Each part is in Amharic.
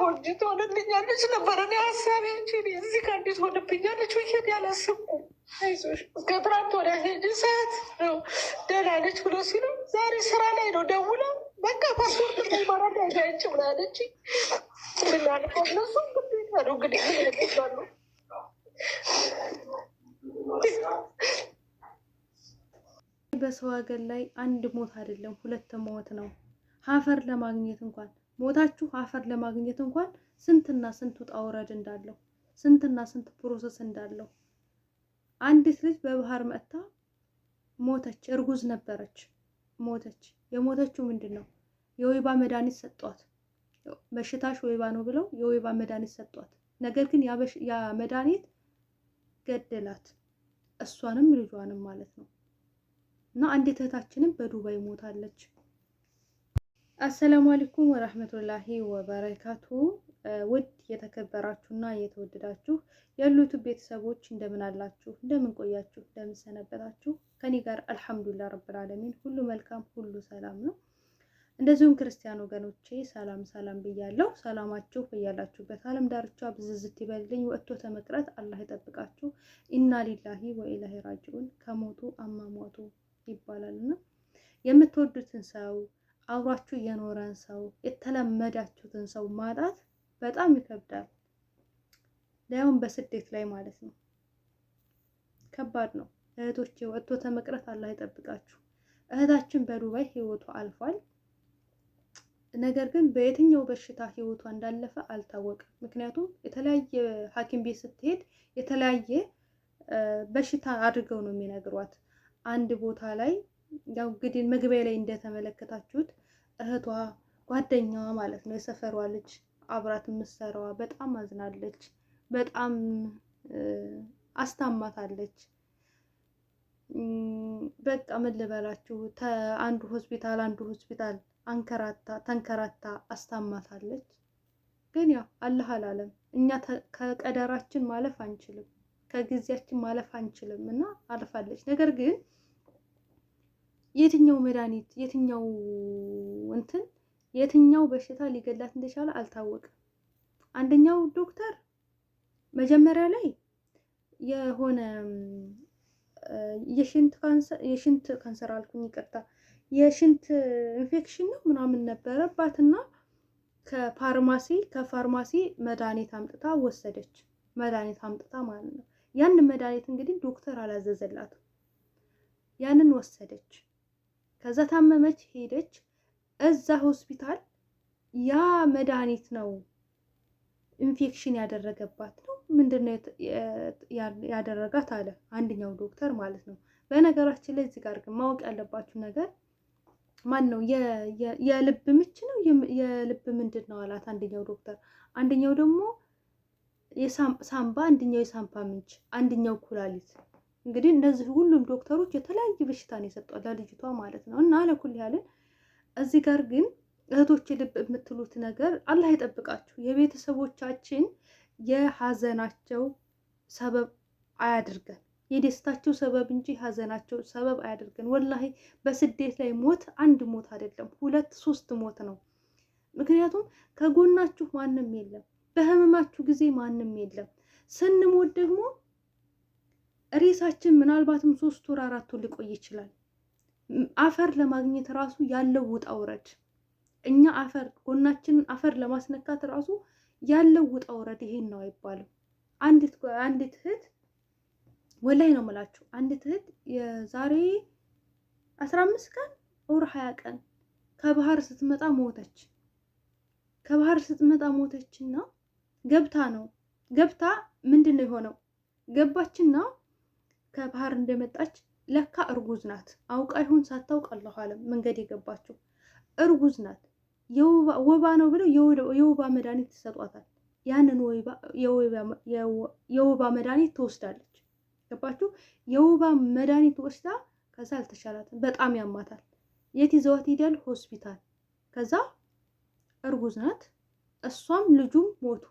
ሆጅት ሆነልኛለች ነበረ እኔ ሀሳቤ እንጂ እዚህ ከእንዴት ሆነብኛለች ይሄን ያላሰብኩም። ከትናንት ወዲያ ሄጅ ሰዓት ነው ደህና ነች ብሎ ሲሉ ዛሬ ስራ ላይ ነው ደውላ በቃ ፓስፖርት ተማራ ዳጋች ብላለች። ምናልቆ እነሱ ነው እንግዲህ ይለሉ በሰው ሀገር ላይ አንድ ሞት አይደለም ሁለት ሞት ነው። ሀፈር ለማግኘት እንኳን ሞታችሁ አፈር ለማግኘት እንኳን ስንትና ስንት ውጣ ውረድ እንዳለው ስንትና ስንት ፕሮሰስ እንዳለው። አንዲት ልጅ በባህር መጥታ ሞተች። እርጉዝ ነበረች፣ ሞተች። የሞተችው ምንድን ነው? የወይባ መድኃኒት ሰጧት። በሽታሽ ወይባ ነው ብለው የወይባ መድኃኒት ሰጧት። ነገር ግን ያ መድኃኒት ገደላት፣ እሷንም ልጇንም ማለት ነው። እና አንዲት እህታችንም በዱባይ ሞታለች። አሰላሙ አለይኩም ወራህመቱላሂ ወበረካቱ። ውድ የተከበራችሁና የተወደዳችሁ ያሉት ቤተሰቦች እንደምን አላችሁ? እንደምን ቆያችሁ? እንደምን ሰነበታችሁ? ከኔ ጋር አልሐምዱሊላህ ረብል ዓለሚን ሁሉ መልካም፣ ሁሉ ሰላም ነው። እንደዚሁም ክርስቲያን ወገኖቼ ሰላም ሰላም ብያለሁ። ሰላማችሁ በያላችሁበት ዓለም ዳርቻ ብዝዝት ይበልልኝ። ወጥቶ ተመቅረት አላህ ይጠብቃችሁ። ኢና ሊላሂ ወኢላሂ ራጅዑን ከሞቱ አማሟቱ ይባላልና የምትወዱትን ሰው አብሯችሁ የኖረን ሰው የተለመዳችሁትን ሰው ማጣት በጣም ይከብዳል። ሊያውም በስደት ላይ ማለት ነው። ከባድ ነው እህቶቼ፣ ወጥቶ ተመቅረት አላህ ይጠብቃችሁ። እህታችን በዱባይ ህይወቷ አልፏል። ነገር ግን በየትኛው በሽታ ህይወቷ እንዳለፈ አልታወቀም። ምክንያቱም የተለያየ ሐኪም ቤት ስትሄድ የተለያየ በሽታ አድርገው ነው የሚነግሯት። አንድ ቦታ ላይ ያው እንግዲህ መግቢያ ላይ እንደተመለከታችሁት እህቷ ጓደኛዋ ማለት ነው የሰፈሯ ልጅ አብራት የምትሰራዋ በጣም አዝናለች፣ በጣም አስታማታለች። በቃ ምን ልበላችሁ አንዱ ሆስፒታል አንዱ ሆስፒታል አንከራታ ተንከራታ አስታማታለች። ግን ያው አላህ አላለም። እኛ ከቀደራችን ማለፍ አንችልም፣ ከጊዜያችን ማለፍ አንችልም እና አልፋለች። ነገር ግን የትኛው መድኃኒት የትኛው እንትን የትኛው በሽታ ሊገላት እንደቻለ አልታወቅም። አንደኛው ዶክተር መጀመሪያ ላይ የሆነ የሽንት ካንሰር የሽንት ካንሰር አልኩኝ ይቅርታ፣ የሽንት ኢንፌክሽን ነው ምናምን ነበረባትና ከፋርማሲ ከፋርማሲ መድኃኒት አምጥታ ወሰደች። መድኃኒት አምጥታ ማለት ነው። ያንን መድኃኒት እንግዲህ ዶክተር አላዘዘላትም። ያንን ወሰደች። ከዛ ታመመች፣ ሄደች እዛ ሆስፒታል ያ መድኃኒት ነው ኢንፌክሽን ያደረገባት ነው ምንድን ነው ያደረጋት አለ አንደኛው ዶክተር ማለት ነው። በነገራችን ላይ እዚህ ጋር ግን ማወቅ ያለባችሁ ነገር ማን ነው የልብ ምች ነው የልብ ምንድን ነው አላት አንደኛው ዶክተር። አንደኛው ደግሞ ሳምባ፣ አንደኛው የሳምባ ምንች፣ አንደኛው ኩላሊት እንግዲህ እነዚህ ሁሉም ዶክተሮች የተለያየ በሽታን የሰጧት ለልጅቷ ማለት ነው። እና አለኩል ያለን እዚህ ጋር ግን እህቶች ልብ የምትሉት ነገር አላህ ይጠብቃችሁ። የቤተሰቦቻችን የሀዘናቸው ሰበብ አያድርገን፣ የደስታቸው ሰበብ እንጂ ሀዘናቸው ሰበብ አያድርገን። ወላሂ በስደት ላይ ሞት አንድ ሞት አይደለም፣ ሁለት ሶስት ሞት ነው። ምክንያቱም ከጎናችሁ ማንም የለም፣ በህመማችሁ ጊዜ ማንም የለም። ስንሞት ደግሞ ሬሳችን ምናልባትም ሶስት ወር አራት ወር ሊቆይ ይችላል። አፈር ለማግኘት ራሱ ያለው ውጣ ውረድ እኛ አፈር ጎናችንን አፈር ለማስነካት ራሱ ያለው ውጣ ውረድ ይሄን ነው አይባልም። አንዲት አንዲት እህት ወላይ ነው የምላችሁ አንዲት እህት የዛሬ አስራ አምስት ቀን ኦር ሀያ ቀን ከባህር ስትመጣ ሞተች። ከባህር ስትመጣ ሞተችና ገብታ ነው ገብታ ምንድን ነው የሆነው ገባችና ከባህር እንደመጣች ለካ እርጉዝ ናት። አውቃ ይሁን ሳታውቅ አለኋለም መንገድ የገባችው እርጉዝ ናት። ወባ ነው ብለው የወባ መድኃኒት ይሰጧታል። ያንን የወባ መድኃኒት ትወስዳለች። ገባችሁ? የወባ መድኃኒት ወስዳ ከዛ አልተሻላትም፣ በጣም ያማታል። የት ይዘዋት ሄዳል? ሆስፒታል። ከዛ እርጉዝ ናት። እሷም ልጁም ሞቱ።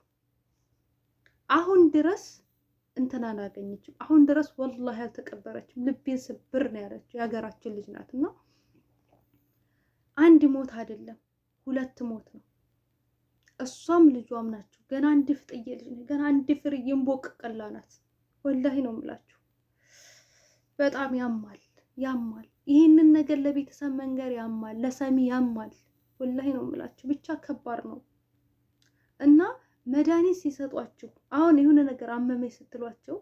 አሁን ድረስ እንትን አላገኘችም። አሁን ድረስ ወላሂ አልተቀበረችም። ልቤን ስብር ነው ያለችው። የሀገራችን ልጅ ናት እና አንድ ሞት አይደለም ሁለት ሞት ነው። እሷም ልጇም ናቸው። ገና አንድ ፍጥዬ ልጅ ነው። ገና አንድ ፍር ቀላ ናት። ወላሂ ነው የምላችሁ። በጣም ያማል ያማል። ይህንን ነገር ለቤተሰብ መንገር ያማል፣ ለሰሚ ያማል። ወላሂ ነው የምላችሁ። ብቻ ከባድ ነው እና መድኃኒት ሲሰጧችሁ አሁን የሆነ ነገር አመመኝ ስትሏቸው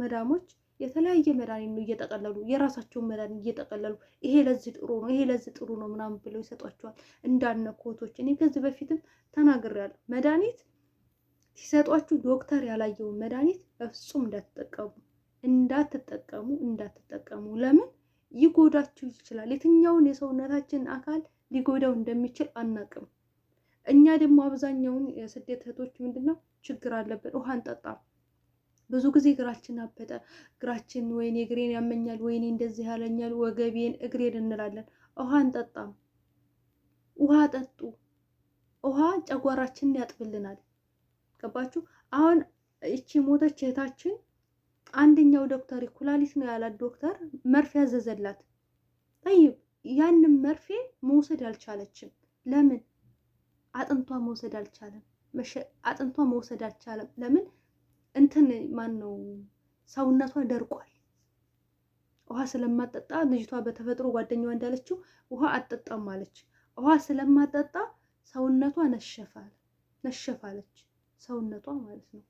መዳሞች የተለያየ መድኃኒት ነው እየጠቀለሉ የራሳቸውን መድኃኒት እየጠቀለሉ ይሄ ለዚህ ጥሩ ነው፣ ይሄ ለዚህ ጥሩ ነው ምናምን ብለው ይሰጧቸዋል። እንዳነ ኮቶች እኔ ከዚህ በፊትም ተናግሬያለሁ። መድኃኒት ሲሰጧችሁ ዶክተር ያላየውን መድኃኒት በፍጹም እንዳትጠቀሙ እንዳትጠቀሙ እንዳትጠቀሙ። ለምን ይጎዳችሁ ይችላል። የትኛውን የሰውነታችን አካል ሊጎዳው እንደሚችል አናቅም። እኛ ደግሞ አብዛኛውን የስደት እህቶች ምንድነው ነው ችግር አለብን፣ ውሃ አንጠጣም። ብዙ ጊዜ እግራችን አበጠ፣ እግራችን ወይኔ እግሬን ያመኛል፣ ወይኔ እንደዚህ ያለኛል፣ ወገቤን፣ እግሬን እንላለን። ውሃ አንጠጣም። ውሃ ጠጡ። ውሃ ጨጓራችንን ያጥብልናል። ገባችሁ? አሁን እቺ ሞተች እህታችን አንደኛው ዶክተር ኩላሊት ነው ያላት ዶክተር መርፌ ያዘዘላት። ጠይብ ያንም መርፌ መውሰድ አልቻለችም። ለምን? አጥንቷ መውሰድ አልቻለም። አጥንቷ መውሰድ አልቻለም። ለምን እንትን ማን ነው ሰውነቷ ደርቋል። ውሃ ስለማጠጣ ልጅቷ በተፈጥሮ ጓደኛዋ እንዳለችው ውሃ አጠጣም አለች። ውሃ ስለማጠጣ ሰውነቷ ነሸፋል ነሸፋለች ሰውነቷ ማለት ነው።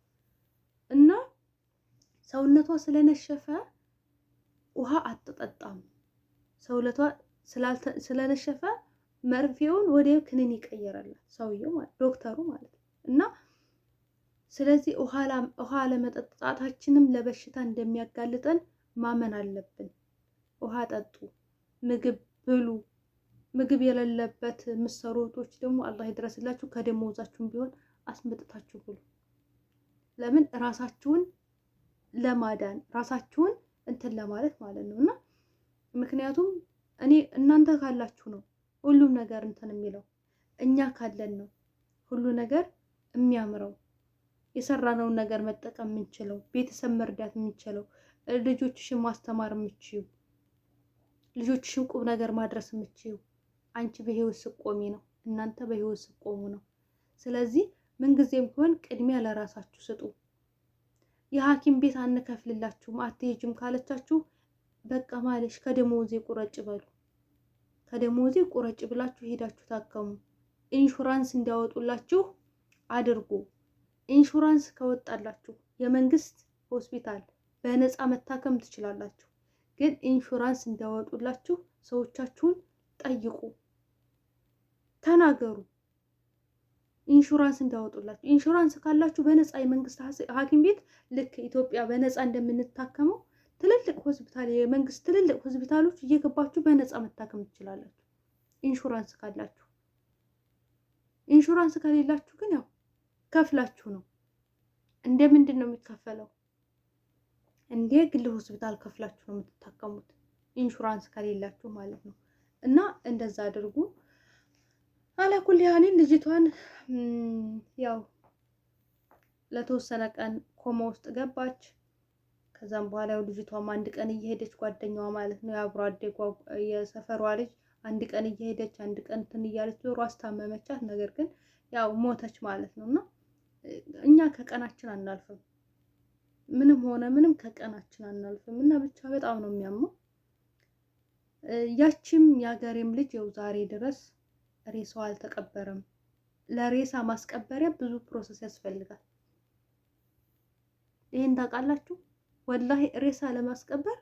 እና ሰውነቷ ስለነሸፈ ውሃ አትጠጣም። ሰውነቷ ስላልተ ስለነሸፈ መርፌውን ወደ ክኒን ይቀየራል ሰውየው ማለት ዶክተሩ ማለት ነው። እና ስለዚህ ውሃ ለመጠጣታችንም ለበሽታ እንደሚያጋልጠን ማመን አለብን። ውሃ ጠጡ፣ ምግብ ብሉ። ምግብ የሌለበት ምሰሮቶች ደግሞ አላህ ይድረስላችሁ። ከደሞዛችሁም ቢሆን አስመጥታችሁ ብሉ። ለምን ራሳችሁን ለማዳን ራሳችሁን እንትን ለማለት ማለት ነው እና ምክንያቱም እኔ እናንተ ካላችሁ ነው ሁሉም ነገር እንትን የሚለው እኛ ካለን ነው ሁሉ ነገር የሚያምረው የሰራነውን ነገር መጠቀም የምንችለው ቤተሰብ መርዳት የምንችለው ልጆችሽን ማስተማር የምችዩ ልጆችሽን ቁብ ነገር ማድረስ የምችዩ አንቺ በህይወት ስቆሚ ነው። እናንተ በህይወት ስቆሙ ነው። ስለዚህ ምንጊዜም ቢሆን ቅድሚያ ለራሳችሁ ስጡ። የሐኪም ቤት አንከፍልላችሁም አትሄጅም ካለቻችሁ በቃ ማለሽ ከደሞዜ ቁረጭ በሉ። ከደሞዜ ቁረጭ ብላችሁ ሄዳችሁ ታከሙ። ኢንሹራንስ እንዲያወጡላችሁ አድርጉ። ኢንሹራንስ ከወጣላችሁ የመንግስት ሆስፒታል በነፃ መታከም ትችላላችሁ። ግን ኢንሹራንስ እንዲያወጡላችሁ ሰዎቻችሁን ጠይቁ፣ ተናገሩ። ኢንሹራንስ እንዲያወጡላችሁ ኢንሹራንስ ካላችሁ በነፃ የመንግስት ሐኪም ቤት ልክ ኢትዮጵያ በነፃ እንደምንታከመው ትልልቅ ሆስፒታል የመንግስት ትልልቅ ሆስፒታሎች እየገባችሁ በነፃ መታከም ትችላላችሁ፣ ኢንሹራንስ ካላችሁ። ኢንሹራንስ ከሌላችሁ ግን ያው ከፍላችሁ ነው። እንደ ምንድን ነው የሚከፈለው? እንደ ግል ሆስፒታል ከፍላችሁ ነው የምትታከሙት፣ ኢንሹራንስ ከሌላችሁ ማለት ነው። እና እንደዛ አድርጉ። አላኩል ያህልን ልጅቷን ያው ለተወሰነ ቀን ኮማ ውስጥ ገባች። ከዛም በኋላ ያው ልጅቷም አንድ ቀን እየሄደች ጓደኛዋ ማለት ነው የአብሮ አደጓ የሰፈሯ ልጅ አንድ ቀን እየሄደች አንድ ቀን እንትን እያለች ዞሮ አስታመመቻት። ነገር ግን ያው ሞተች ማለት ነው። እና እኛ ከቀናችን አናልፍም፣ ምንም ሆነ ምንም ከቀናችን አናልፍም። እና ብቻ በጣም ነው የሚያመው። ያቺም የሀገሬም ልጅ ያው ዛሬ ድረስ ሬሳው አልተቀበረም። ለሬሳ ማስቀበሪያ ብዙ ፕሮሰስ ያስፈልጋል። ይሄን ታውቃላችሁ። ወላሂ ሬሳ ለማስቀበር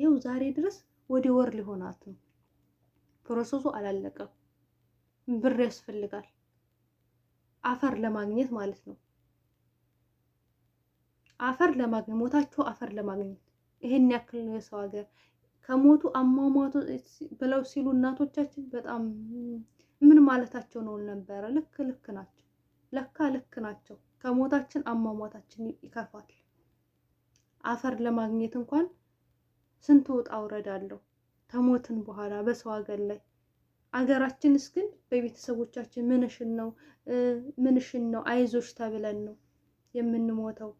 ይኸው ዛሬ ድረስ ወደ ወር ሊሆናት ነው። ፕሮሰሱ አላለቀም። ብር ያስፈልጋል፣ አፈር ለማግኘት ማለት ነው። አፈር ለማግኘት ሞታቸው አፈር ለማግኘት ይሄን ያክል ነው የሰው ሀገር ከሞቱ አሟሟቱ ብለው ሲሉ እናቶቻችን በጣም ምን ማለታቸው ነው ነበረ። ልክ ልክ ናቸው፣ ለካ ልክ ናቸው። ከሞታችን አሟሟታችን ይከፋል። አፈር ለማግኘት እንኳን ስንት ወጣ አለው ከሞትን በኋላ በሰው ሀገር ላይ አገራችንስ ግን በቤተሰቦቻችን ምንሽን ነው ምንሽን ነው አይዞሽ ተብለን ነው የምንሞተው።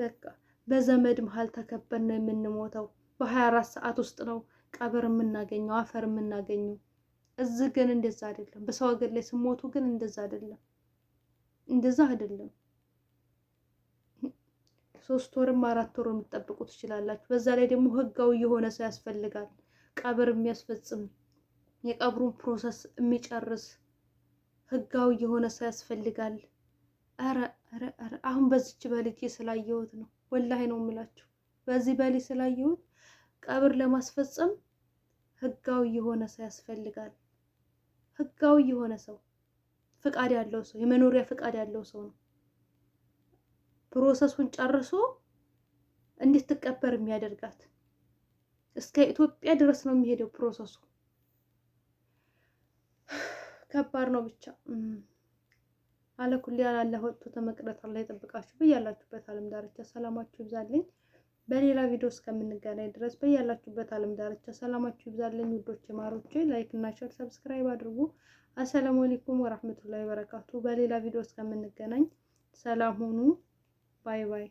በቃ በዘመድ መሀል ተከበን ነው የምንሞተው። በሀያ አራት ሰዓት ውስጥ ነው ቀብር የምናገኘው አፈር የምናገኘው። እዚህ ግን እንደዛ አይደለም። በሰው ሀገር ላይ ስሞቱ ግን እንደዛ አይደለም፣ እንደዛ አይደለም። ሶስት ወርም አራት ወር የምትጠብቁ ትችላላችሁ። በዛ ላይ ደግሞ ህጋዊ የሆነ ሰው ያስፈልጋል። ቀብር የሚያስፈጽም የቀብሩን ፕሮሰስ የሚጨርስ ህጋዊ የሆነ ሰው ያስፈልጋል። ኧረ ኧረ ኧረ አሁን በዚች በልጅ ስላየሁት ነው ወላሂ ነው የምላችሁ። በዚህ በልጅ ስላየሁት ቀብር ለማስፈጸም ህጋዊ የሆነ ሰው ያስፈልጋል። ህጋዊ የሆነ ሰው ፍቃድ ያለው ሰው የመኖሪያ ፍቃድ ያለው ሰው ነው ፕሮሰሱን ጨርሶ እንድትቀበር የሚያደርጋት እስከ ኢትዮጵያ ድረስ ነው የሚሄደው ፕሮሰሱ። ከባድ ነው ብቻ። አለኩል ያላለ ወጥቶ መቅረት አላ ይጠብቃችሁ። በያላችሁበት ዓለም ዳርቻ ሰላማችሁ ይብዛልኝ። በሌላ ቪዲዮ እስከምንገናኝ ድረስ በያላችሁበት ዓለም ዳርቻ ሰላማችሁ ይብዛልኝ። ውዶች ማሮቼ፣ ላይክ እና ሸር ሰብስክራይብ አድርጉ። አሰላሙ አለይኩም ወራህመቱላሂ ወበረካቱ። በሌላ ቪዲዮ እስከምንገናኝ ሰላም ሁኑ። ባይ ባይ